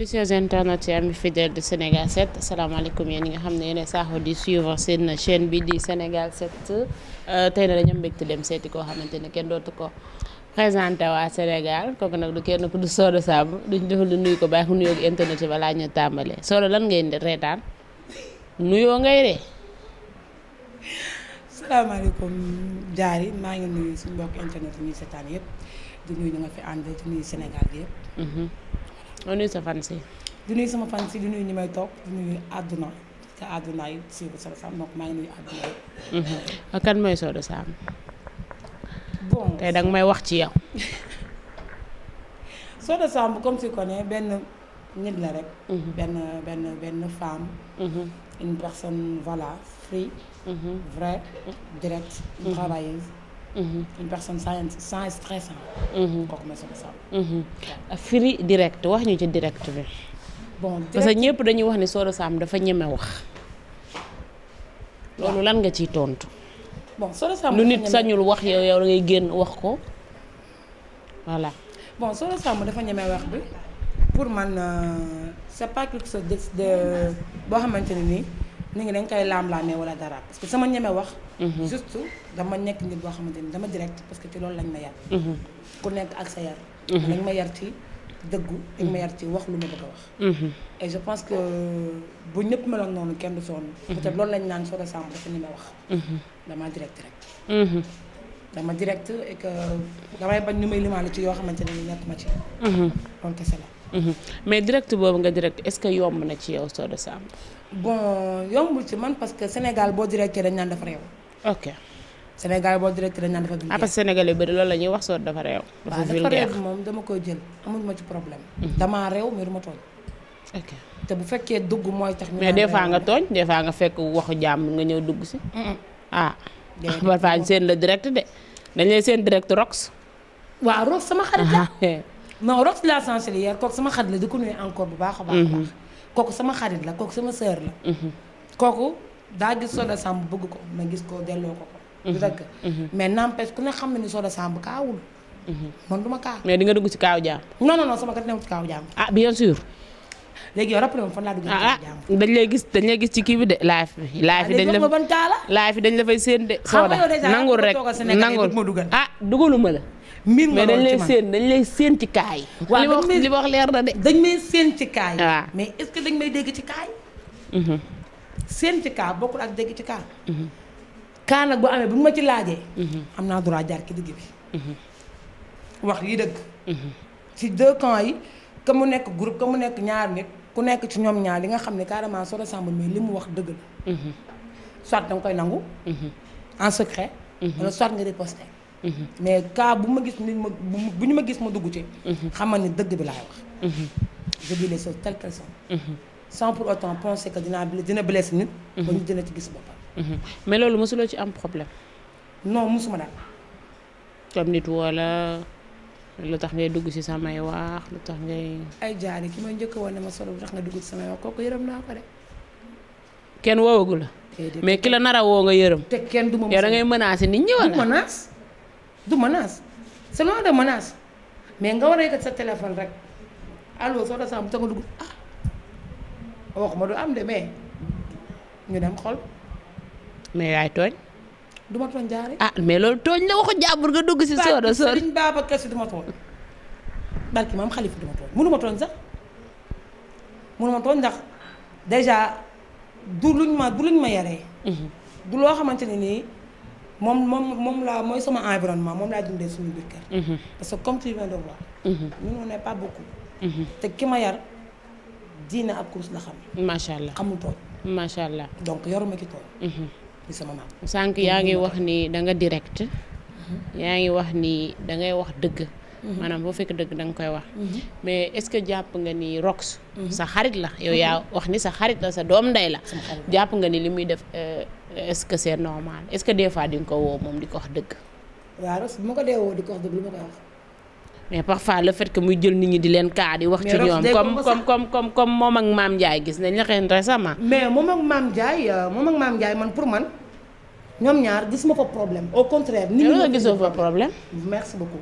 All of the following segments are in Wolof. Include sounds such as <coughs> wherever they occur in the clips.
Salut chers internautes et amis de Sénégal 7 asalaamaaleykum yéen nga xam ne yéen saaxo di suivre seen chaîne bi di Sénégal 7 euh, tey na dañu mbégte dem seeti koo xamante ne kenn dootu ko présenté waa Sénégal kooku nag du kenn ku du Soda Samb du defal lu nuyu ko bàyyi ko nuyoo ak internet yi balaa ñu tàmbalee solo lan ngay reetaan nuyoo ngay ree salaamaaleykum jaar yi maa ngi nuyu suñu mbokk internet yi ñuy seetaan yëpp di nuyu ñu nga fi ànd di nuyu Sénégal bi di nuyu sa fan si. di sama fan si di nuyu may toog di nuyu àdduna te àdduna yi siiw Soda Sam donc maa ngi àdduna yi. Mhm. kan mooy Soda Sam. bon tey danga may wax ci yow. <laughs> Soda Sam comme tu connais benn nit la rek. Mhm. benn benn benn femme. Mhm. une personne voilà free. vraie directe. travailleuse. Mm-hmm. une personne sans sans stressant. kooku mooy mm-hmm. firi direct wax ñu ci direct bi. bon direct parce que ñëpp dañuy wax ne solo Samb dafa ñeme wax. loolu lan nga ciy tontu. bon Soxna Samb lu nit sañul wax yow yow ngay génn wax ko voilà. bon Soxna Samb dafa ñeme wax bi pour man euh, c'est pas boo xamante ne nii. nit ñi dañ koy laam-laamee wala dara parce que sama ñeme wax. Mhm. juste dama nekk nit boo xamante ni dama direct parce que ci loolu lañ ma yar. Mhm. Mhm. ma yar ci dëggu dañ ma yar ci wax lu ma ko a wax. et je pense que bu ñëpp meloon noonu kenn du sonn. peut-être loolu lañ naan soo de sàmm dafa ni ma wax. dama direct rek. dama direct et que damay bañ ñu may limaale ci yoo xamante ne nekk ma ci. loolu kese la. mais direct boobu nga direct est-ce que yomb na ci yow soo de sàmm. bon yombul ci man parce que Sénégal boo directeur dañ naan dafa réew. ok Sénégal boo directeur dañ naan dafa. ah parce que sénégalais bëri loolu la ñuy wax soo dafa réew. dafa vulgaire moom dama koy jël amuñu ma ci problème. Mhm. damaa réew mais du ma tooñ. ok te bu fekkee dugg mooy tax. mais des fois nga tooñ des fois nga fekk waxu jàmm nga ñëw dugg si. ah. déedéet seen la direct de dañ lay seen direct Rox. waa Rox sama xarit la. <laughs> non Rox la chancelière kook sama xarit la di ko nuyu encore bu baax a baax. Mhm. kooku sama xarit la kooku sama sœur la. Mhm. kooku daa gis Soda Samb bëgg ko ma gis ko delloo ko ko. du mhm. dëgg mhm. mais n'empêche ku ne xam na ni Soda Samb kaawul. man du ma kaaw. mais di nga dugg ci kaaw jaam. non non non sama kat newul ci kaaw jaam. ah bien sûr. léegi yow rappelé ma fan laa dugg ah, ah dañ lay gis dañ lay gis ci kii bi de live bi ah, live bi dañ la ban séen de. sooda nangul rek nangul ah dugaluma la. mbir nga loolu dañ lay séen dañ lay séen ci kaay. waaw li wax li wax leer na de. dañ may séen ci kaay. waaw mais est-ce may dégg ci kaay. Mhm. séen ci kaa bokkul ak dégg ci kaa. Mhm. kaa nag bu amee bu ma ci laajee. Mhm. am naa droit jaar ci digg bi. wax lii dëgg. ci deux camps yi ka mu nekk group ka mu nekk ñaar nit ku nekk ci ñoom ñaar li nga xam ne carrément solo ressemble mais li mu wax dëgg la. soit danga koy nangu. en secret. wala soit nga riposter. Mhm. mais cas bu ma gis ni ma bu ñu ma gis ma dugg ci. Mhm. xamal ni dëgg bi laay wax. Mhm. je dis les choses telles qu'elles sont. sans pour autant penser que dina blessé nit. ba ñu dina ci gis boppam. mais loolu mosuloo ci am problème. non mosuma daal. comme nit wala lu tax ngay dugg ci samay wax lu tax ngay. ay jaari ki may njëkk woon ne ma solo lu tax nga dugg ci samay wax kooku yërëm naa ko de. kenn wowagu la. mais ki la nara woo nga yërëm. te kenn du ma mos a. yow da du menace c'est loin de menace mais nga war a yëkkat sa téléphone rek allo soo sax mu ta nga dugg ah waxuma du am de mais ñu dem xol mais yaay tooñ du ma tooñ jaare ah mais loolu tooñ la waxu jàmbur nga dugg si sooda sood sëriñ baaba kese du ma tooñ barki maam xalifa du ma tooñ mënu ma tooñ sax mënu tooñ ndax déjà du luñ ma du luñ ma yaree mhm. du loo xamante ne nii moom moom moom laa mooy sama environnement moom laa dundee suñu biir kër. Mhm. parce que comme tu viens de voir. Mhm. ñun on mhm. ma yar diina ak kurus la macha allah xamul tooñ. macha allah donc yoruma ki tooñ. ci sama maam. sànq yaa ngi wax ni da nga direct. yaa ngi wax ni da ngay wax dëgg. maanaam boo fekk dëgg da nga koy wax. mais est-ce que jàpp nga ni Rox. sa xarit la yow yaa wax ni sa xarit la sa doom ndey la. jàpp nga ni li muy def. Euh, est-ce que c'est normal est-ce que des fois di ko woo moom di ko wax dëgg. waaw Ross bu ma ko dee woo di ko wax dëgg lu ma koy wax. mais parfois le fait que muy jël nit ñi di leen kaa di wax. ci ñoom comme comme comme comme comme moom ak maam Ndiaye gis nañ la xëy récemment. mais moom ak maam euh, Ndiaye man pour man ñoom ñaar gis ma fa problème au contraire. nit ñi nga gisoo fa problème. merci beaucoup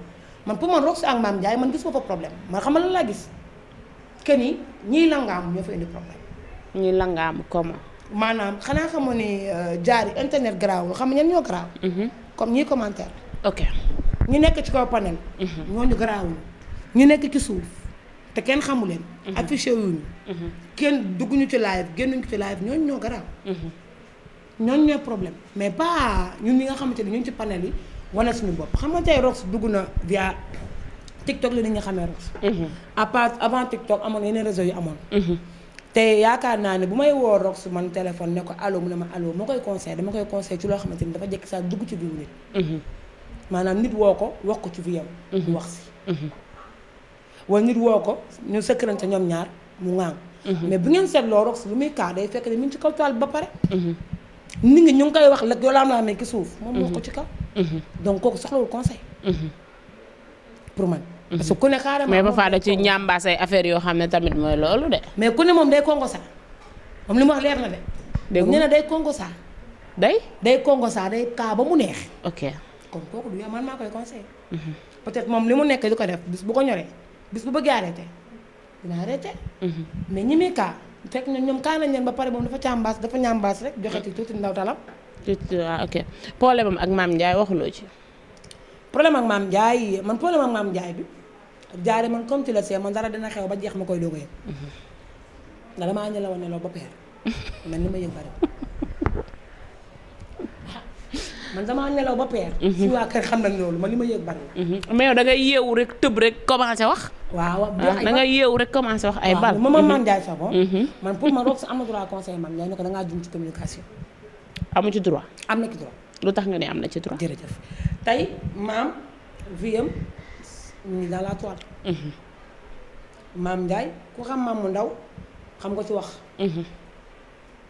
man pour man Ross ak maam Ndiaye man gis ma fa problème man xamal lan laa gis que ni ñiy langaam ñoo fa indi problème. maanaam xanaa xamoo ne euh, jaari internet garaawul xam ñen ñoo garaaw. Mhm. comme ñiy commentaire. ok ñu nekk ci kaw panel. Mhm. ñooñu garaawul ñu nekk ci suuf te kenn xamu leen. Mhm. affiché wuñu. kenn dugguñu ci live génnuñu ci live ñooñu ñoo garaaw. ñooñu ñooy problème mais pas ñun ñi nga xamante ne ñu ci panel yi wane suñu bopp xam nga tey Rox dugg na via TikTok la nit ñi xamee Rox. à part avant TikTok amoon yeneen réseau yi amoon. te yaakaar naa ne bu may woo rox man téléphone ne ko allo mu ne ma allo ma koy conseil dama koy conseil ci loo xamante ni dafa saa nit mhm. maanaam nit woo ko wax ko ci biir yow mhm. mu wax si mhm. wala nit woo ko ñu sëkkërante ñoom ñaar mu ŋaang mais bu ngeen seetloo rox lu muy kaar day fekk ne mu ngi ci kaw taal ba pare nit ñi ñu ngi koy wax la yoo laam laa mee ki suuf moom wax ko ci kaw donc kooku soxlawul conseil pour man parce que ku ne carrément mais ba faa da ci ñàmbaas ay affaire yoo xam ne tamit mooy loolu de. mais ku ne moom day kongo saa moom li leer na de. dégg nga ne day kongo saa. day day kongo saa day kaa ba mu neex. ok kon kooku du yow man maa koy conseillé. Mhm. peut-être moom li mu nekk di ko def bis bu ko ñoree bis bu bëggee arrêté dina arrêté. Mhm. mais ñi muy kaa fekk na ñoom kaa nañ leen ba pare moom dafa càmbaas dafa ñàmbaas rek joxe ci tuuti ndaw talam. tuuti waaw ok problème am ak maam Ndiaye waxuloo ci. problème ak maam Ndiaye man problème ak maam Ndiaye bi. jaare man comme tu le man dara dina xew ba jeex ma koy doog a yëg ndax mhm. damaa ñëw ne loolu ba peer ni ma yëg bari man damaa nelaw ba peer. si <laughs> <laughs> mhm. waa kër xam nañ loolu man li ma yëg bari mhm. mais yow da ngay tëb rek wax. waaw waaw ah, da ngay yeewu rek commencé wax ay bal. waaw man Ndiaye man pour ma roog sa am na droit conseil man Ndiaye ne ko da ngaa jum ci communication. amu ci droit. am na lu tax nga ne am na ci droit. jërëjëf maam viam mu ngi dans la toile. Mhm. maam Ndiaye ku xam maamu mhm. ndaw xam ko ci wax.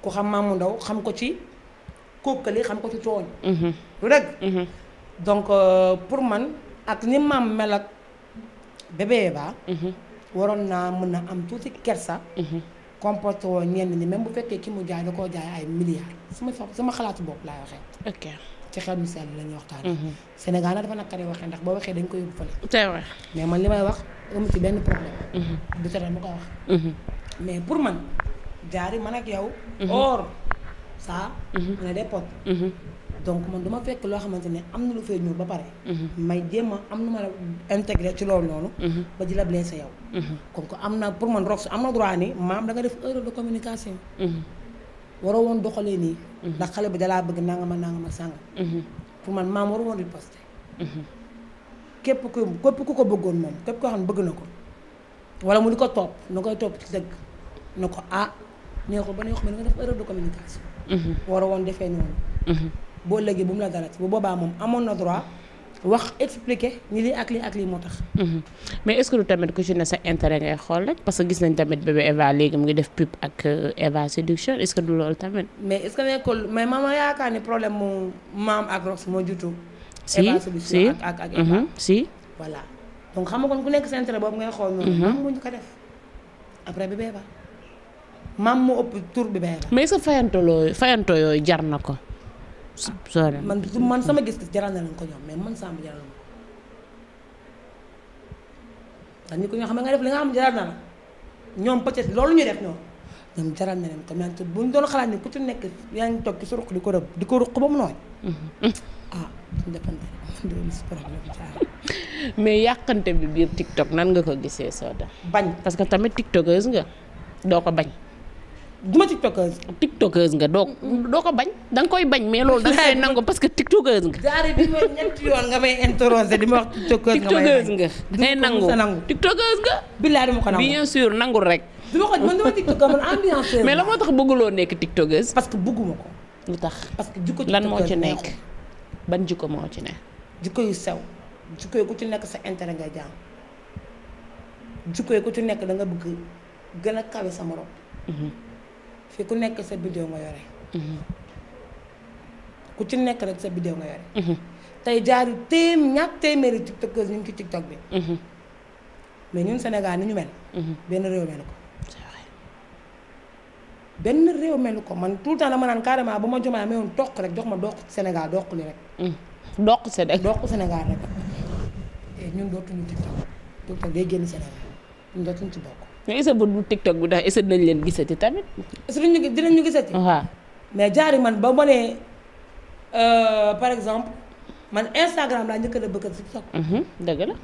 ku xam mu ndaw xam ko ci kókkali xam ko ci tooñ. lu mhm. dëgg. donc euh, pour man ak ni maam mel ak bébé waroon naa mën a am tuuti kersa. comporté woo ñenn ñi même bu fekkee ki mu jaay da koo jaay ay ma sama sama xalaatu bopp laay waxee. ok. ci xel mu sell la ñuy waxtaanee. Mhm. Sénégal nag dafa nakkaree waxee ndax boo waxee dañ koy yóbbu fële. c'est mais man li may wax amu ci benn problème. Mhm. du tere mu koy wax. Mhm. mais pour man jaari man ak yow. or saa on est des donc man du ma fekk loo xamante ne am na lu fay ñëw ba pare. may jéem a am nu ma la intégré ci loolu noonu. ba ji la blessé yow. comme que am na pour man rox am na droit ni maam da def erreur de communication. waroo woon doxalee nii. Mhm. ndax xale bi dalaa bëgg nangama nangama sàngam. Mhm. pour man maam waru woon riposte. Mhm. képp ku képp ku ko bëggoon moom képp koo xam ne bëgg na ko. wala mu di ko topp na koy topp ci dëgg na ko a ah, nee ba ne wax ma nga def erreur de communication. waroo woon defee noonu. boo léegi bu mu la dalati bu boobaa moom amoon na droit. wax expliquer ni lii ak lii ak lii moo tax. Mhm. mais est-ce que du tamit ku ci ne sa intérêt ngay xool rek parce que gis nañ tamit bébé Eva léegi mu ngi def pub ak euh, Eva séduction est-ce que du loolu tamit. mais est-ce que nekkul mais maam ma yaakaar ni problème mu maam ak Rox moo juttu. si Eva séduction ak ak Eva mhm, si. voilà donc xam nga kon ku nekk sa intérêt boobu ngay xool noonu. Mhm. maam mu ñu ko def après bébé Eva maam mu ëpp tur bébé Eva. mais est-ce que fayantoo loo fayantoo yooyu jar na ko. sóore man man sama gis-gis jaral na leen ko ñoom mais man Samb jaral na ko nit ku ñoo xam ne nga def li xam jaral na la ñoom peut-être loolu ñu def ñoom ñoom jaral na leen ko mais doon xalaat ku ci nekk yaa ngi toog ci sa ko di ko ruq ba mu nooy. Mm-hmm. ah mais yàqante bi biir TikTok nan nga ko gisee Soda. bañ parce que tamit tiktokeuse nga doo ko bañ. duma tiktokeuse. tiktokeuse nga doo doo ko bañ da koy bañ mais loolu da nga koy nangu parce que tiktokeuse nga. jaaree bi ma ñetti yoon nga may interroger di ma wax tiktokeuse nga. tiktokeuse nga da ngay nangu tiktokeuse nga. billaay dama ko nangu bien sûr nangul rek. du ko man la moo tax bëgguloo nekk tiktokeuse. parce que bëgguma ko. lu tax lan moo ci nekk ban jikko moo ci nekk. jikko yu sew jikko yi ku ci nekk sa intérêt nga jaam jikko yi ku ci nekk da nga bëgg gën a kawe sa morom. Mhm. fii ku nekk sa bidéo nga yore. Mhm. ku ci nekk rek sa bidéo nga yore. Mhm. tey jaar téem ñàkk téeméeri tiktokers ñu ci tiktok bi. Mhm. mais ñun Sénégal ni ñu mel. benn réew melu ko. benn réew melu ko man tout le dama naan carrément bu ma jomaa meewoon toq rek jox ma doq Sénégal doq li rek. doq Sénégal doq Sénégal rek. ñun dootuñu tiktok tiktok day génn Sénégal ñun dootuñu ci bokk. mais est-ce bu TikTok bi tax est-ce que dinañ leen gisati tamit. est-ce dinañ dinañ ñu gisati. waaw mais jaari man ba ma nee euh, par exemple man Instagram laa njëkka a bëgg a TikTok. Mhm, dëgg la.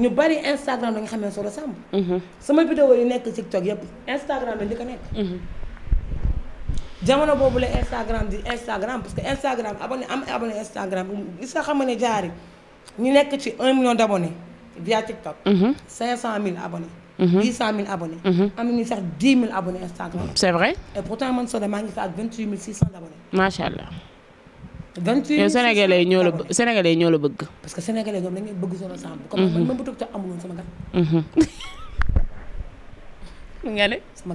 ñu bari Instagram da nga xamee solo sàmm. Mhm. sama vidéo yi nekk TikTok yëpp Instagram la njëkk a nekk. Mhm. jamono boobu la Instagram di Instagram parce que Instagram abonné am abonné Instagram gis nga xam ne jaari ñu nekk ci 1 million d'abonnés via TikTok. 500000 abonnés. dix mhm. cent mille abonnés. Mhm. am nañu sax dix mille abonnés allah. vingt huit ñoo la sénégalais ñoo la bëgg. parce que sénégalais ñoom dañuy bëgg Soda Samb. Mhm. comme man man bu toog amul woon sama gat. <laughs>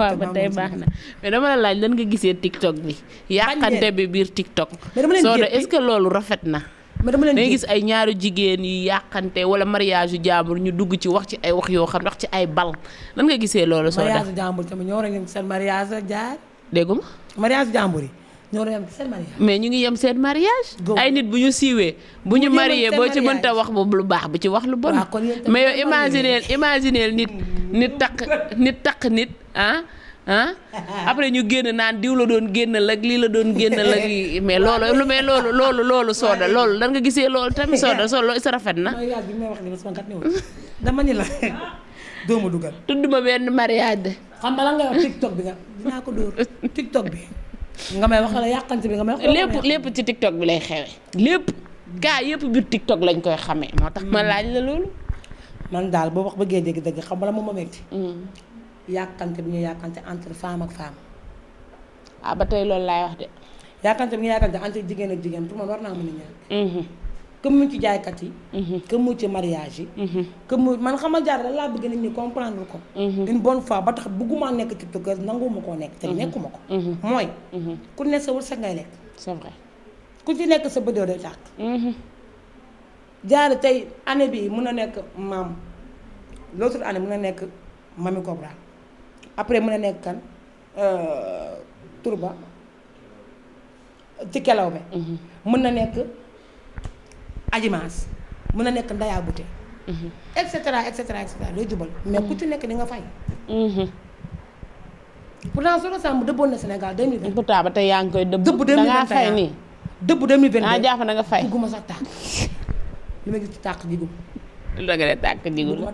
nga <laughs> ba tey baax na mais dama la laaj lan nga gisee TikTok bi. yàqante bi biir TikTok. mais dama leen est-ce que loolu rafet na. mais dama leen di gis ay ñaaru jigéen yi yàqante wala mariage yu jàmbur ñu dugg ci wax ci ay wax yoo xam ndax ci ay bal nan nga gisee loolu. soo def mariage jàmbur tamit ñoo rek seen mariage ak jaar. ma mariage jàmbur yi. ñoo yem seen mais ñu ngi yem seen mariage. ay nit bu ñu siiwee. bu ñu marié boo ci mënta wax bu lu baax bu ci wax lu bon. mais yow imagineel nit. nit taq nit taq nit ah. ah après ñu génn naan diw la doon génnal ak lii la doon génnal ak yi mais loolu lu mais loolu loolu loolu sooda loolu dan nga gisee loolu tamit sooda solo sa rafet na dama ni la <laughs> doo ma dugal tudd ma benn mariage de xam nga lan nga wax tiktok bi nga dinaa ko dóor tiktok bi nga may wax la yàqante bi nga may wax lépp lépp ci tiktok bi lay xewe lépp gaa yëpp biir tiktok lañ koy xamee moo tax ma laaj la loolu man daal boo wax bëggee dégg dëgg xam nga la moom ma metti mm. yàkkante bi ñu yàkkante entre femme ak femme. ah ba tey loolu laay wax de. yàkkante bi ñu yàkkante entre jigéen ak jigéen pour man war naa mën a ñaan. comme mu ci jaaykat yi. comme mu ci mariage yi. comme mu man xamal jaar da laa bëgg nit ñi comprendre ko. Mhm. une bonne fois ba tax bëgguma nekk tiktoker nanguma koo nekk. te mhm. nekkuma ko. Mhm. mooy. ku ne sa wërsëg ngay lekk. c'est vrai ku ci nekk sa bëdoo day tàkk. jaar tey année bii mun na nekk maam l'autre année mun na nekk mami après mën a nekk kan euh, turba ci kelaw bi mhm. mën na nekk ajimaas mun na nekk ndayaa bute mhm. et cetera et cetera et cetera day jubal mais mhm. ku ci nekk di nga fay pourtant Soro Samb dëbboon na Sénégal 2020 pourtant taaba tey yaa ngi koy dëbb dëbb 2021 da ngaa fay nii dëbb 2022 ah, jaafa na nga fay guma sax tàkk li ma gis ci tàkk jigum lu da nga ne tàkk jigul ma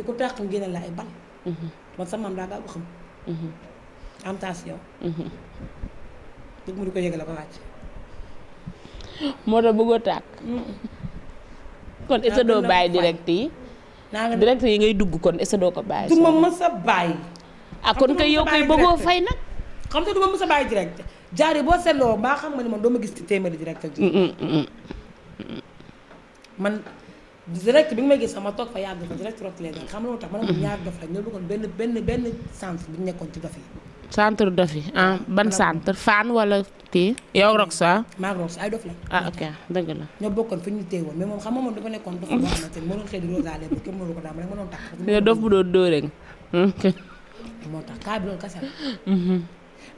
ku tàkk génne la ay bal Mm-hmm. man sama maam daa gaaw ko xam. Mm-hmm. am mm-hmm. di ko moo tax bëggoo tàkk. kon est doo bàyyi direct yi. direct yi ngay dugg kon est doo ko bàyyi. du ma mës a bàyyi. ah kon kay yow koy bëggoo fay nag. xam ma mës jaar yi boo seetloo baa xam nga ni man doo ma gis ci téeméeri direct ji. man direct bi nga may gis sama toog fa yàgg fa direct rot leen xam nga lu tax ma ne ñaar dof lañ ñoo benn benn benn bi ñu nekkoon ci dof yi. centre dof ah, centre fan wala kii. yow Roxa. Ah? maa ngi dof la. ah ok dëgg la. ñoo bokkoon fi ñu teewoon mais moom xam nga moom dafa ma ne ma doon takk. mais dof bu doon dóoree nga. moo tax kaa bi loolu kese la. Mhm.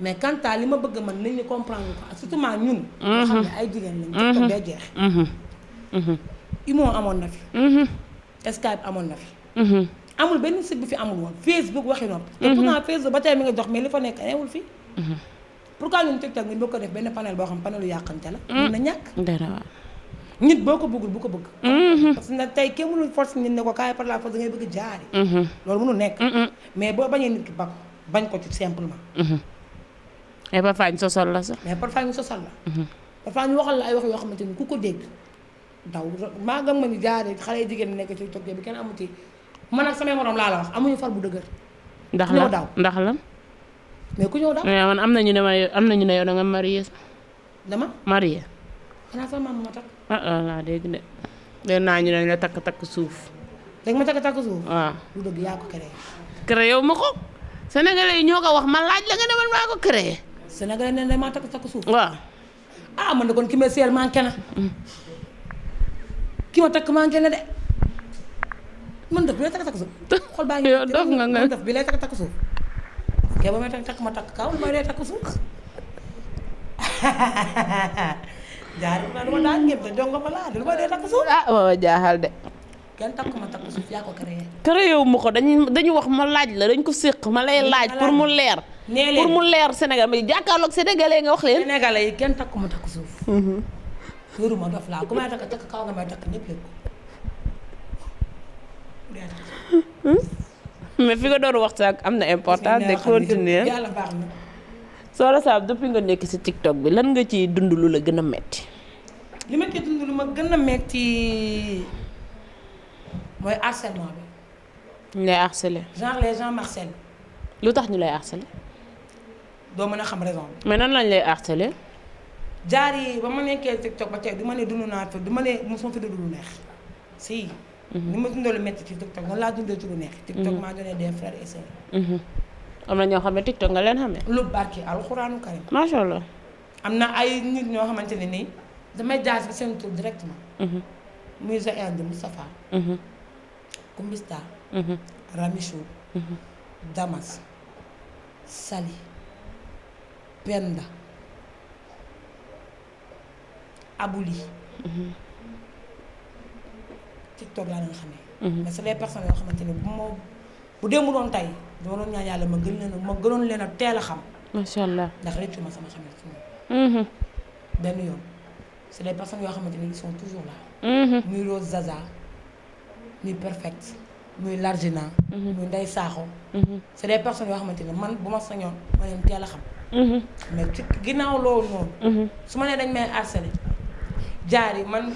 mais quant à li ma bëgg man nañu comprendre ko surtout ñun. Mhm. nga xam ne ay jigéen lañ. Mhm. te toog day jeex. Imo amoon na fi. Mm-hmm. Skype amoon na fi. Mm-hmm. amul benn site bu fi amul woon Facebook waxi nopp. te mm-hmm. pourtant Facebook ba tey mi nga dox mais li fa nekk newul fi. pourquoi ñun TikTok ñun ko def mm. ko bëggul bu ko bëgg. parce que nag tey kenn mënul force nit ne ko kaay par force da ngay bëgg jaari. loolu mënul nekk. mais boo bañee nit ki ba ko bañ ko ci simplement. mais parfois ñu sosal la sax. waxal la ay wax yoo xamante ni ku ko dégg. daw maa gëm ma ni jaaree xale yu jigéen nekk ci togge bi kenn amu ci man ak samay morom laa la wax amuñu far bu dëgër. ndax la daw ndax la. mais ku ñëw daw. mais am na ñu ne ma am na ñu ne yow da nga marié. dama marié. xanaa sama maam ma takk. ah, ah naa ñu ne la takk takk suuf. dégg ma takk takk suuf. waaw lu dëgg yaa ko créé. créé wu ma ko. sénégalais yi ñoo ko wax man laaj la nga ne man maa ko créé. sénégalais nee maa takk takk suuf. waaw. ah man de kon ki may seetlu manqué ki ma takk maa ngeen ne de man daf bi lay takk takk suuf. <laughs> xol takk ma takk kaw ma takk suuf <laughs> ma dama daan ngéb de jongo ma laa de lu ma dee jaaxal de. kenn takk ma takk suuf yaa ko créé. wu ma ko dañu dañu wax ma laaj la dañ ko séq ma lay laaj pour mu leer. nee leen pour mu leer Sénégal ma jàkkaarloog sénégalais nga wax leen. yi kenn takk ma takk suuf. Mhm. wéruma dof laa ku may takk kaw nga may takk hmm? mais fi nga doon wax sax am na important de continuer yàlla baax na Soxna Samb nga nekk ci TikTok bi lan nga ci dund lu la gën a metti li ma ci dund lu ma gën a metti mooy harcèlement bi ñu lay harceler genre les gens harcèlent lu tax ñu lay harceler doo mën a xam raison mais nan lañ lay harceler jaar yi ba ma nekkee TikTok ba tey du ma ne dund naa fa du ma ne mosuma fi dund lu neex si. Mhm. ni ma dundoo lu métti ci TikTok noonu laa dundee ci lu neex. TikTok mhm. maa donné des frères et mhm. am na ñoo xam ne TikTok nga leen xam xamee. lu barki alxuraanu karim. macha allah. am na ay nit ñoo xamante ne nii damay jaar ci seen tur directement. muy Zaïd Moustapha. Kumbista. Ramichou. Damas. Sali. Penda. aboli. Mhm. TikTok laa leen xamee. Mhm. mais c'est les personnes yoo xamante ne bu ma bu démb doon tey dama doon ñaan yàlla ma gën leen ma gënoon leen a teel a xam. macha allah ndax rëccu ma sama xamee mhm. les personnes yoo xamante ne ils sont toujours là. muy Rose Zaza muy Perfect muy Largina. muy Ndeye Sakho. c'est yoo xamante ne man bu ma sañoon ma leen teel a xam. mais ci ginnaaw loolu noonu. su ma nee dañ may harceler. jaar yi man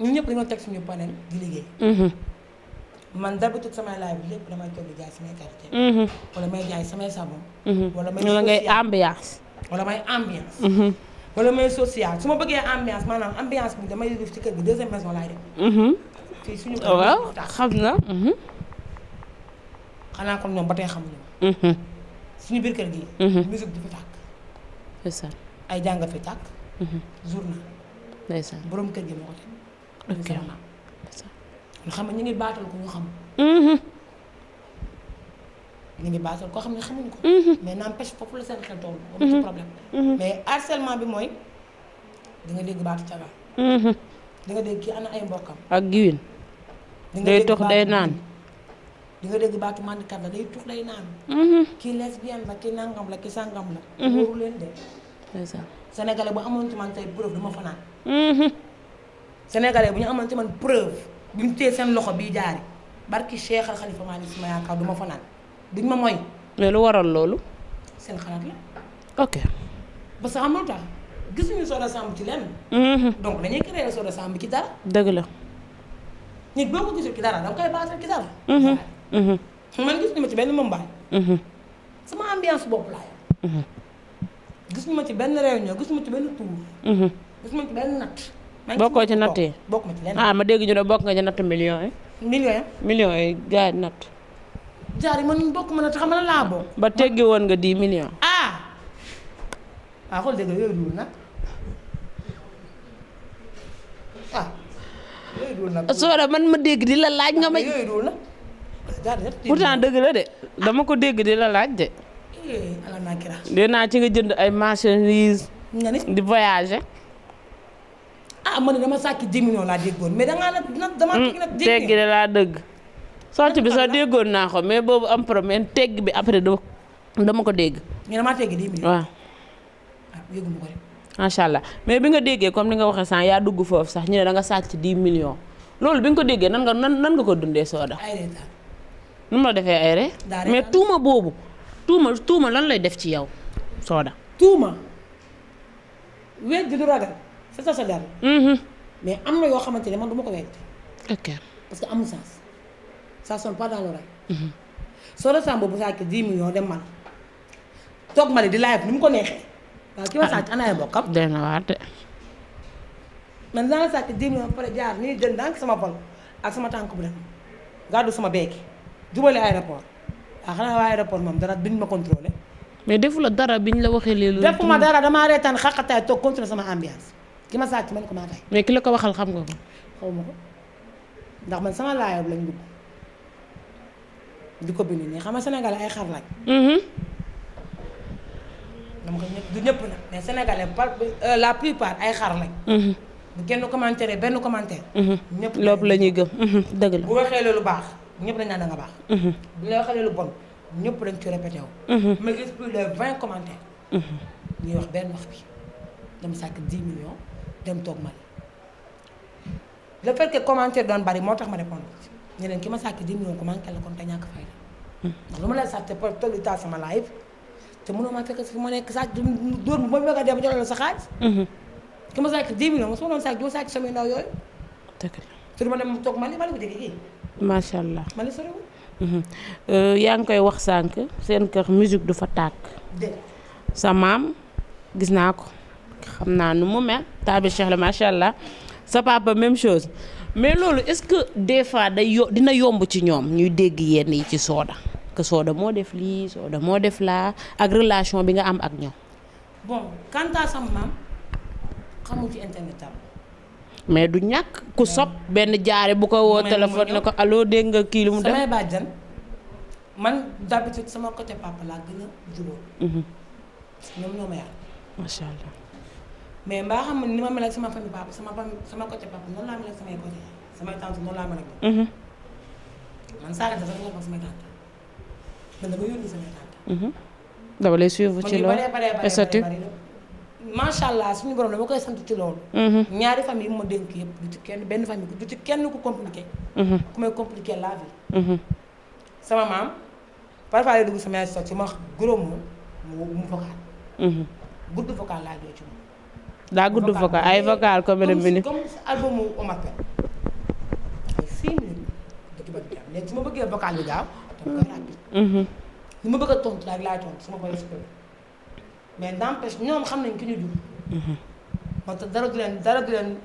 ñu ñëpp dañoo teg suñu panel di liggéey. Mhm. man dara tut samay laaj bi lépp damay toog di jaay samay qualité. Mhm. wala may jaay samay savon. Mhm. wala may ngay ambiance. wala may ambiance. wala may social su ma bëggee ambiance maanaam ambiance bi damay def ci kër gi deuxième maison laay def. fii suñu kër waaw xam na. xanaa suñu biir kër gi. musique du fi tàkk. ay jàng fi tàkk. journée. ndeysaan borom kër gi moo xam ne ñu ngi baatal ko ñu xam. Mm-hmm. ñu koo xam ne xamuñ ko. Mm-hmm. mais n'empêche foofu la seen xel tool. Mm-hmm. mais harcèlement bi mooy di dégg baatu caga. di nga dégg kii ana ay mbokkam. ak giwin. day tox day naan. di nga dégg baatu mandikat la day tux day naan. kii lesbienne la kii nangam la kii sangam la. wóoru leen de. sénégalais bu amoon ci man tey preuve du ma fanaan mhm. sénégalais bu ñu amoon ci man preuve bu ñu téye seen loxo bii jaari barki Cheikh Al Khalifa Malick sama yaakaar du ma fanaan duñ ma mooy mais lu waral loolu seen xalaat la ok parce que xam nga tax gisuñu Soda Samb ci lenn mhm. donc dañuy créer Soda Samb ci dara dëgg la nit boo ko gisul ci dara da nga koy baasal ci dara mhm. man gis ma ci benn mumbaay sama ambiance bopp laa gisuma ci benn réunion gisuma ci benn tuur. Mhm. gisuma ci benn natt. bokkoo ci natt yi bokk ma ci lenn. ah ma dégg ñu ne bokk nga ci natt millions yi. millions yi. millions yi natt. jaar yi man bokk ma natt xam nga laa bokk. ba teggee woon nga di million ah. waaw ah, xool ah, soo de man ma dégg di la laaj nga ah, ma. yooyu dëgg la de dama ko dégg di la laaj de. dee naa ci nga jënd ay marchandises. nga ni di voyager. ah man dama sàkki 10 millions laa déggoon mais dangaa la dama. Mm, teggi de laa dëgg. socc bi sax déggoon naa ko mais boobu am problème tegg bi après dama dama ko dégg. mais damaa teggi 10 millions. waaw. ah allah mais bi nga déggee comme ni nga waxee sànq yaa dugg foofu sax ñu ne da nga sàcc 10 millions loolu bi nga ko déggee nan nga nan nan nga ko dundee sooda. nu ma la defee ay ree mais tuuma boobu. tuuma tuuma lan lay def ci yow Soda. tuuma weddi du ragal c'est ça sa mm-hmm. mais am na yoo xamante ne man du ma ko weddi. ok parce que amul sens ça sonne pas dans l'oreille. Mm-hmm. Soda Samb bu sàcc 10 millions dem man toog ma ne di live ni ko neexee. waaw ki ma sàcc de. man dinaa la sàcc 10 millions jaar nii jënd sama bol ak sama tànk bu dem gàddu sama beek jubale aéroport. ah xanaa waa aéroport moom dara duñ ma contrôlé. mais defu la dara ñu la waxee léegi. defu ma dara damaa reetaan xaqataay toog contrôlé sama ambiance ki ma sàcc man ko maa fay. mais ki la ko waxal xam nga ko. xaw ndax man sama laayoob lañ ko bind xam nga ay xar lañ. Mhm. dama ko ñëpp du ñëpp nag mais sénégalais euh, ay xar lañ. bu mhm. kenn benn commentaire. Mhm. ñëpp loolu la ñuy gëm dëgg la bu waxee loolu baax. ñëpp dañ naan da nga baax. Mhm. bu ñu la waxee lu bon ñëpp dañ ci répété wu. Mhm. ma gis plus de vingt commentaires. Mhm. ñuy wax benn wax bi dama sàkk dix millions dem toog Mali le fait commentaire doon bari moo tax ma répondre ci ki ma sàkk dix millions ko te ñàkk fay ma la sàkk te sama live te mënoo ma fekk fi ma nekk sàkk du dóor bu ma bëgg a dem jox la sa xaalis. ki ma sàkk dix millions ma su ma doon sàkk du ma sàkk sama ndaw yooyu. te du ma dem toog Mali Mali bu dëgg kii. macha allah. Mali mhm. euh, yaa ngi koy wax sànq seen kër musique du fa tàkk. sa maam gis naa ko xam naa nu mu mel taabi Cheikh la macha allah sa papa même chose mais loolu est-ce que des fois day yo dina yomb ci ñoom ñuy dégg yenn yi ci sooda sooda moo def lii sooda moo def laa ak relation bi nga am ak ñoom. bon quant à sa mais du ñàkk ku sob benn jaare bu ko woo téléphone ne ko allo dégg nga kii lu mu def samay sama côté papa laa gën a jubóo mhm. ñoom ma yar macha allah mais mbaa ni sama famille sama famille sama côté papa noonu samay côté mhm. mhm. dama lay suivre ci loolu macha allah suñu borom dama koy sant ci loolu. Mhm. ñaari famille yi ma dénk yëpp du ci kenn benn famille du ci kenn ku compliqué. Mhm. ku may compliqué la vie. Mhm. sama maam parfois day ma goro moom mu laa gudd vocal ay vocal comme ni mu. comme su ma bëggee vocal bi gaaw dama ma bëgg a tontu daal laay tontu su ma koy mais n'empêche ñoom xam nañ ki ñu jur. Mhm. moo tax dara du leen dara du leen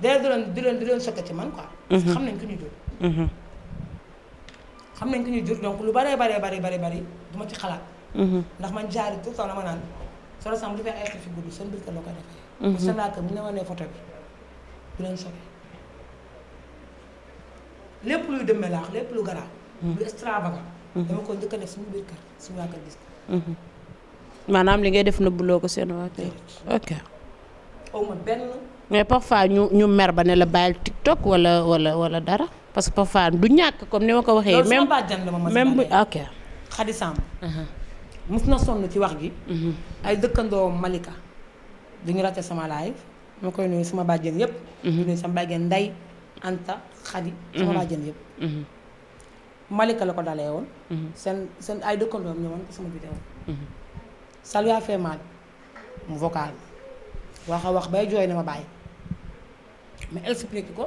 du leen du leen du leen ci man quoi. parce que mhm. xam nañ ki ñu jur. Mhm. xam nañ ki ñu jur donc lu baree baree baree baree baree du ma ci xalaat. ndax man jaari tout le temps dama naan soo la sàmm lu fee ay xeetu guddi seen biir kër la ko defee. bu seen laa kër bu ñu lépp lu garaaw. lu dama ko njëkk a def suñu biir suñu waa kër gis maanaam li ngay def nëbbuloo ko seen waa kër ok. xaw ma benn. mais parfois ñu ñu mer ba ne la bàyyil tok wala wala wala dara parce que parfois du ñàkk comme ni ma ko waxee. même même bu ok. Khady Samb. Uh-huh. mus na sonn ci wax gi. Uh-huh. ay dëkkandoo Malika. duñu raté sama live ma koy nuyu sama bàjjen yëpp. Uh-huh. di nuyu sama bàjjen Ndeye Anta Khady. Malika la ko dalee woon. seen seen ay dëkkandoo am ñëwoon ko sama vidéo. ça lui a fait mal mu vocal wax a wax bay jooy na ma bàyyi mais expliqué ko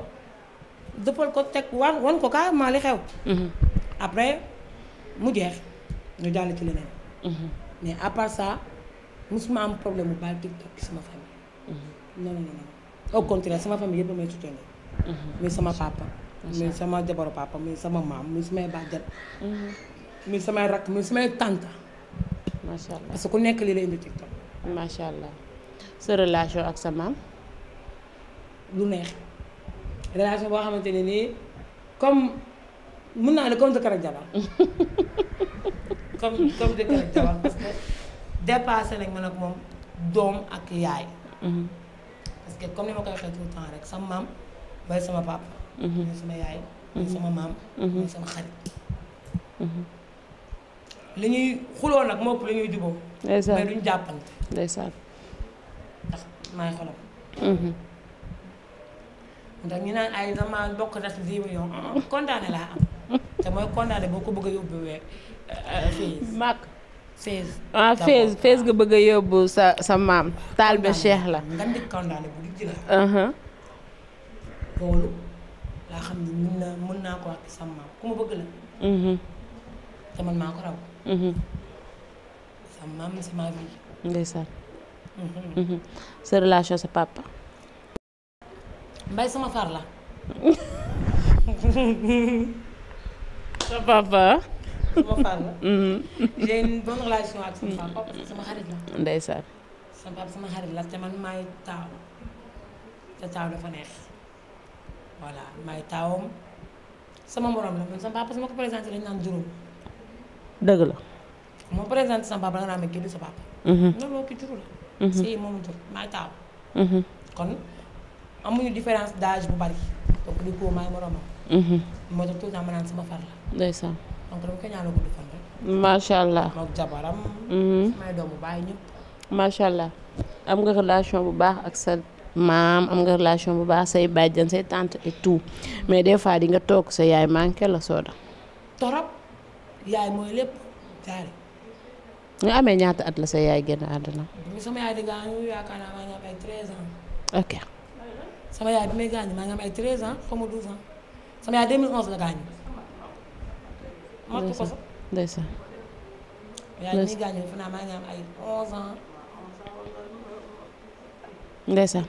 dëppal ko teg wan wan ko carrément li xew. Mm-hmm. après mu jeex ñu jàll ci leneen. Mm-hmm. mais à part ça musuma am problème mu baal TikTok ci sama famille. Mm-hmm. non non non au contraire sama famille yëpp damay soutenir. muy sama papa. muy sama jabaru papa muy sama maam muy samay bàjjan. muy samay rakk muy samay tante. macha allah parce que ku nekk li la indi TikTok. macha allah sa relation ak sa maam. lu neex relation boo xamante ne nii comme mun naa ne comme jëkkër ak jabar <laughs> comme comme ak jabar parce que dépassé nañ man ak moom doom ak yaay. Mhm. parce que comme ni ma koy waxee tout temps rek sama maam bay sama papa. muy mhm. sama yaay. muy mhm. sama maam. muy sama xarit. li ñuy xuloo nag moo ëpp li ñuy juboo mais duñ jàppante ndeysaan ndax maay xolam ndax mhm. ñu naan ay sama bokk na si dix millions ah, kontaane laa am <laughs> te mooy kontaane boo ko bëgg a yóbbu wee euh, euh, fii màkk fees ah nga bëgg a yóbbu sa sa maam taalibe Cheikh la nga ndik kontaane uh-huh. mën naa mën naa ko wax sama maam ku ma bëgg la mhm. man maa ko raw Mm-hmm. sa maam c'est ma vie. ndeysaan. sa mm-hmm. mm-hmm. relation sa papa. Mbaye sama far la. <laughs> sa papa. sama far la. j'ai une bonne papa sama xarit la. ndeysaan. sama papa sama xarit la te man maay taaw te taaw dafa neex voilà maay taawam sama morom la man sama papa su ma ko présenté dañu naan juróom. dëgg la. moo présenté sama papa nga naan kii di sa papa. loolu moo ko moom jur maay mhm. différence d'âge bu bari donc mhm. moo tax macha allah moog jabaram. Mhm. samay doomu macha allah am nga relation bu baax ak sa. maam am nga relation bu baax say bàjjan say tant et tout mais des fois di nga toog sa yaay manqué la sooda yaay mooy lépp jaare nga amee ñaata at la sa yaay génn àdduna. sama yaay di gaañu yaakaar naa maa ngi am ay 13 ans. ok sama yaay bi may gaañu maa ngi am ay 13 ans xaw ma 12 ans sama yaay 2011 la gaañu. mottu ko sax ndeysaan yaay bi may gaañu defe naa maa ngi am ay 11 ans. ndeysaan.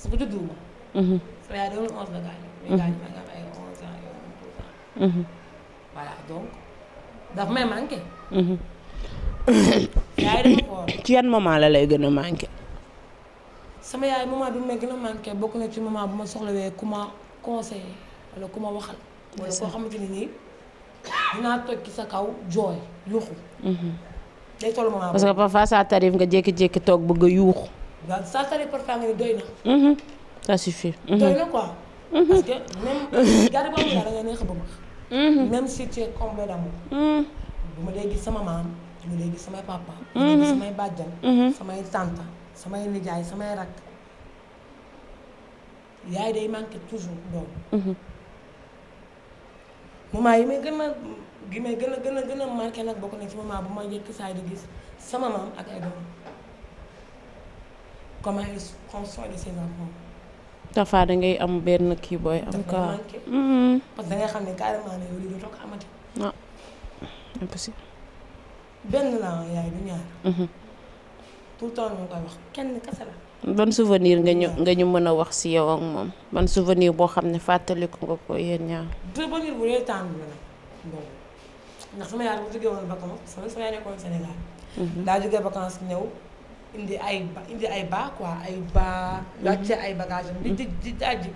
su ko juddu ma. Mhm. sama yaay 2011 la gaañu. may mhm. gaañu maa ngi am ay 11 ans yooyu 12 ans. Mhm. voilà donc. daf may manqué. Mhm. <coughs> ci yan moment la lay gën a manqué. sama yaay moment bi bokk na ci moment bu ma soxlawee ku ma conseillé wala ku ma waxal. wala soo xamante ne nii dinaa toj ci sa kaw jooy yuuxu. Mhm. day toll que parfois ça t'arrive nga jékki-jékki toog bëgg a yuuxu. waaw ça parfois nga ni doy na. Mhm. ça suffit. doy na quoi. parce que même gàddu boobu daal a Mm-hmm. même si tu es comblé d'amour. bu mm-hmm. ma dee gis sama maam bu ma dee gis samay papa. ma dee mm-hmm. gis samay bàjjan. samay tante samay nijaay samay rakk yaay day manqué toujours doom. moment yi may gën a gën a gën a gën a marqué nag bokk na ci moment bu ma njëkk saa di gis sama maam ak ay doom comment ils prennent soin de ses enfants. tafa da ngay am benn kii booy am quoi. Mm-hmm. parce que xam ne carrément ne yow lii dootoo ko amati. waaw ah. impossible. benn la ah, yaay du ñaar. Mm-hmm. tout le temps ñu koy wax kenn kese la. ban souvenir nga ñu nga ñu mën a wax si yow moom ban souvenir boo xam ne fàttaliku nga ko yéen ñaar. souvenir bu dee tànn la nag boobu ndax sama yaay bu jógee woon vacances sama yaay nekkoon Sénégal. Mm-hmm. daa jógee vacances ñëw. indi ay ba indi ay baax quoi ay ba mhm. ay bagage am di di di dajji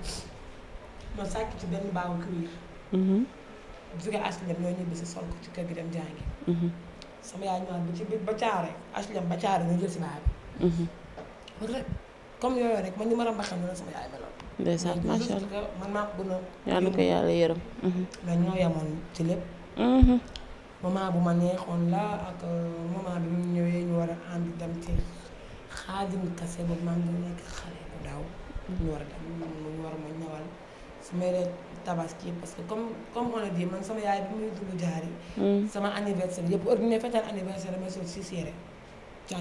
ma sàkk ci benn baawu cuir mhm. jóge aslem ñoo ñibbi si sol ko ci kër gi dem jàngi mhm. sama yaay ñëwaat bu ci biir ba caare aslem ba caare nga jël si baa bi rek comme man ni ma rambaxam ne sama yaay man maa ko a yàlla ko yàlla yërëm ñoo yemoon ci lépp moment bu ma neexoon la ak euh, moment bi mu ñëwee ñu war a ànd dem ci xaadim kase boobu nekk xale bu ndaw ñu war a dem mu war ma ñawal su may def tabaski parce que comme comme man sama yaay bi muy dugg jaar yi mm. sama anniversaire yëpp heure bu anniversaire damay sol si séeré que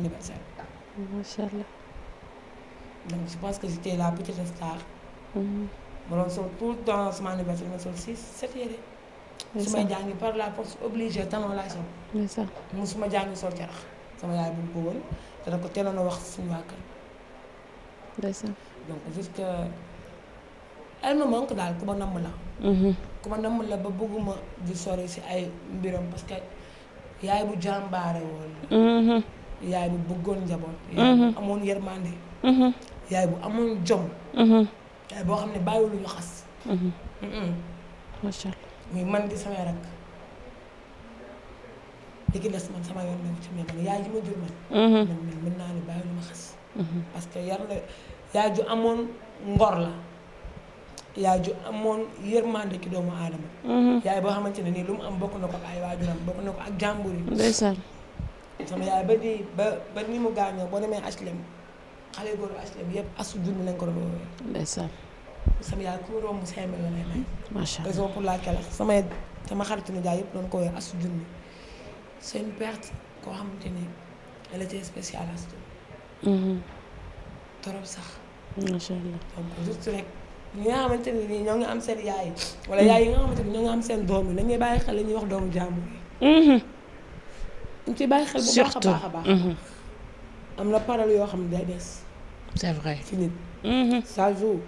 la petite star mm. ma doon yére su may jàngi par la force oblige talon laay sol mu su jàngi sol carax sama yaay bu mu ko dana ko teeloon a wax suñu waa kër. ndeysaan. donc juste elle me manque daal ku ma namm la. Mm-hmm. ku namm la ba bëgguma di sori si ay mbiram parce que yaay bu jàmbaare woon. Mm-hmm. yaay bu bëggoon njaboot. yaay mm-hmm. amoon yermande. yaay bu amoon jom. yaay boo xam ne bàyyiwul ñu xas. macha allah muy man di sama rak. li ci des man sama yoon nekk ci mais man yaay ma jur mhm. naa ne bàyyi lu ma xas. Mhm. parce que yar la yaay ju amoon ngor la yaay ju amoon yërmande ci doomu aadama. Mhm. yaay boo xamante ne nii lu mu am bokk na ko ay waajuram bokk na ko ak jàmbur yi. ndeysaan. ba di ba mu gaañoo boo demee HLM xale góoru HLM yëpp asu junni lañ ko doon woowee. ndeysaan. sama yaay ku mu romb cinq la lay may. macha allah raison pour laquelle sama sama xaritu nijaay yëpp doon ko woowee asu junni. c'est une perte koo xamante ni elle était spécialiste. Mhm. torop sax. macha allah donc juste rek ñi nga xamante ni ñoo ngi am seen yaay. wala yaay yi nga xamante ni ñoo ngi am seen doom yi dañuy bàyyi xel li ñuy wax doomu jàmbur yi. Mhm. ñu ciy bàyyi xel bu baax a baax a baax. Mhm. am na parole yoo xam ne day des. c'est ci nit. ça joue.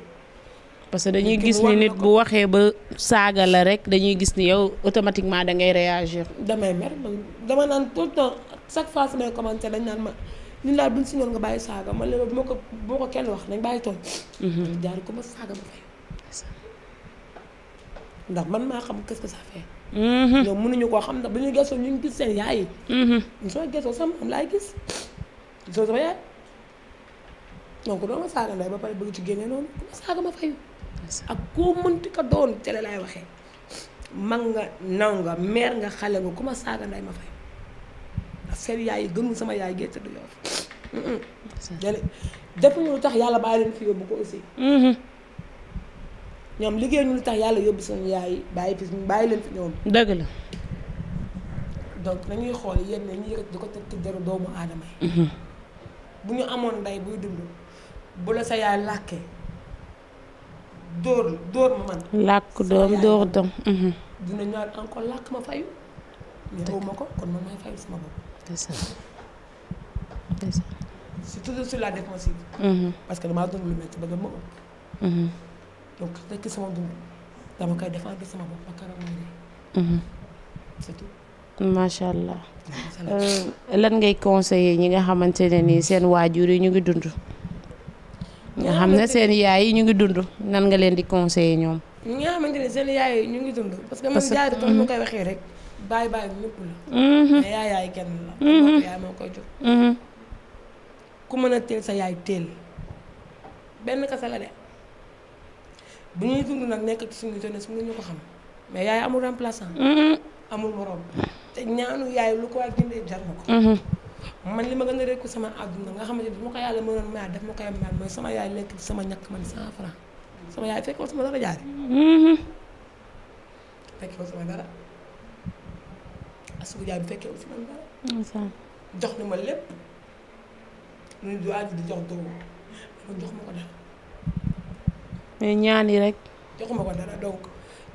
parce que dañuy gis ni nit bu waxee ba saaga la rek dañuy gis ni yow automatiquement da ngay réagir. damay mer dama naan tout temps chaque fois samay commenté dañ naan ma ni laa duñ si noonu nga bàyyi saaga man la ma ko bu ma wax nañ bàyyi tooñ. Mhm. jaar ko ma saaga xam qu'est-ce que ça fait. Mhm. ñoom mënuñu koo xam gis mhm. soo sama yaay donc doo ma saaga ndey ba pare bëgg ci génne noonu ku ma saaga ma fayu. ak koo mënti ka doon tele laay waxee mag nga naw nga meer nga xale nga ku ma saaga nday ma fay seen yaay yi gënul sama yaay gerte du yow def ñu lu tax yàlla bàyyi leen fi yóbbu ko aussi mm-hmm. ñoom liggéey ñu lu tax yàlla yóbbu suñu yaay bàyyi fi bàyyi leen fi ñoom dëgg la donc dañuy xool yenn ñi yëkkati di ko teg doomu aadama yi mm-hmm. bu ñu amoon ndey buy dund bu la sa yaay làkkee dóor dóor ma man. làkk doom dóor doom. Mhm. dina ñaar làkk ma fayu. ma ko kon man may fayu sama bopp. Mhm. que ma ëpp. Mhm. donc nekk sama karam ma c'est tout. macha allah euh, lan ngay conseiller ñi nga xamante ne nii seen waajur yi ñu ngi dund. nga xam ne seen yaay yi ñu ngi dund nan nga leen di conseiller ñoom. ñi nga xamante ne seen yaay yi ñu ngi dund. parce que man jaaree tool mu mm-hmm. koy waxee rek. baay baay ñëpp la. mais mm-hmm. yaay yaay kenn mm-hmm. moo koy jur. ku mën a teel sa yaay teel benn kasa de bu ñuy dund nag nekk ci suñu jeunesse mënuñu ko xam mais yaay amul remplaçant. amul morom te ñaanu yaay lu ko waa jëndee jar na ko. man li ma gën a rékku sama àdduna nga xamante ne bu ma ko yàlla mënoon mayaat daf ma koy mayaat mooy sama yaay lekk ci sama ñàkk man cent franc sama yaay fekkoo sama dara mm-hmm. sama dara asugu jaay bi fekkee sama dara jox na ma lépp lu di jox doomu dama ma ko dara mais ñaan yi rek ma ko dara donc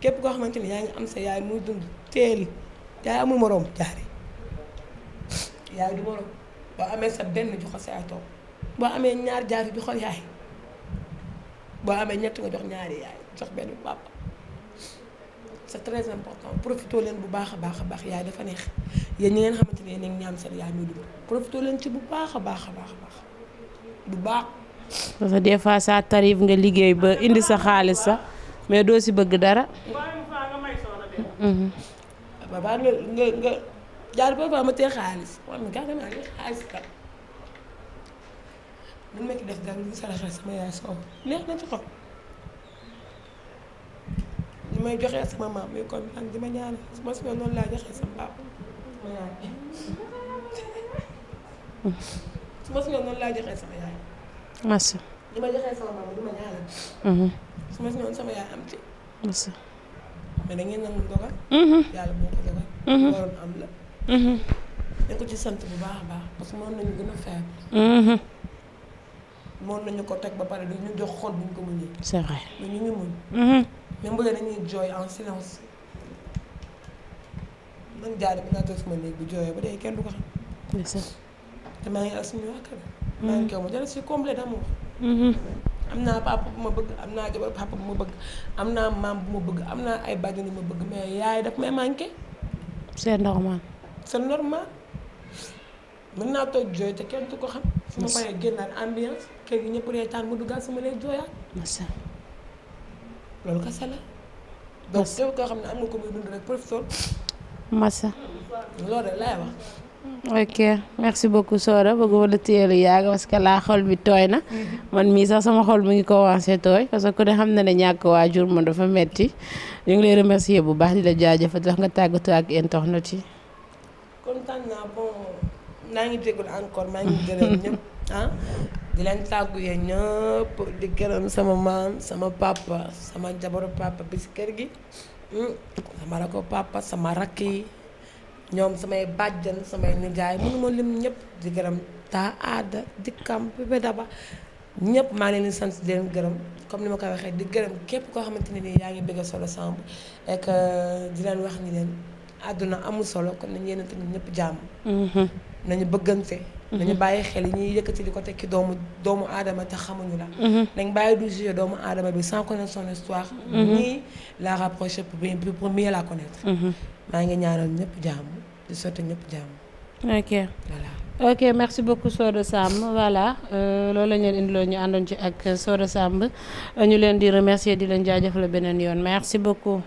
képp koo xamante ne yaa ngi am sa yaay muy dund teel yaay amul moroom jaare yaay du borom boo amee sa benn joxal sa yaay toog boo amee ñaar jaafi bi xol yaay boo amee ñett nga jox ñaari yaay jox benn bu papa c'est très important leen bu baax a baax a baax yaay dafa neex yéen ñu ngeen xamante ne yéen ñaam seen yaay muy dugg profitoo leen ci bu baax a baax a baax baax bu baax. parce que des fois saa tarif nga liggéey ba indi sa xaalis sax mais doo si bëgg dara. ba nga jaar papa ma te xaalis waaw mais gàllankoor maa xaalis kat bu ma ci def dara bu saraxee sama yaay soow neex na ci li may joxee sama maam muy kontaan di ma ñaanal su ma soo noonu laa joxee sama papa yaay <laughs> su ma laa joxee sama yaay. merci. ma joxee sama maam di ma mm-hmm. ma soo am mm-hmm. la. dañ ko ci sant bu baax a baax parce que moom nañu gën a faible. moom mm-hmm. nañu ko teg ba pare di ñu jox xol bu ñu ko mënee. c'est vrai mais ñu mm-hmm. même bu dee dañuy en silence man jaaree bi bi jooyee ba kenn du ko xam. Mm-hmm. ma jëlee si complet d'amour. am naa papa bu ma bëgg am naa jabar papa bu ma bëgg am naa maam bu ma bëgg am naa ay bàjjen ma bëgg mais yaay daf may manqué. c'est normal. c'est normal mën naa toog jooy te ma paree la. donc teew koo xam ne am ok merci beaucoup Soda bëgguma la téye lu yàgg parce laa xol bi tooy na mhm. man mii sax sama xol mu ngi commencé tooy parce que ku ne xam na ne ñàkk waajur moom dafa metti ñu ngi lay remercier bu baax di la jaajëfal tax nga tàggatoo ak internet yi. kon naa bon naa ngi déglu encore maa ngi gërëm ñëpp ah di leen tàggu yee ñëpp di gërëm sama maam sama papa sama jabaru papa bi si kër gi hmm, sama rako papa sama rakk yi ñoom samay bàjjan samay nijaay mënuma lim ñëpp di gërëm taa aada dikkam bébé daba ñëpp maa ngi leen di sant di leen gërëm comme ni ma ko waxee di gërëm képp koo xamante ne nii yaa ngi bëgg solo samb et que di leen wax ni leen àdduna amul solo kon nañu yéenante ñun ñëpp jàmm mhm. nañu bëggante mhm. nañu bàyyi xel yi ñuy yëkkati di ko tekki doomu doomu aadama te xamuñu la mhm. nañ bàyyi du juger doomu aadama bi sans connaître son histoire ni la rapprocher pour bien pour ngi ñaanal ñëpp jàmm di ñëpp jàmm ok voilà ok merci beaucoup Soda Samb voilà euh, loolu la leen indiloo ñu àndoon ci ak Soda Samb ñu leen di remercier di leen jaajëfal beneen yoon merci beaucoup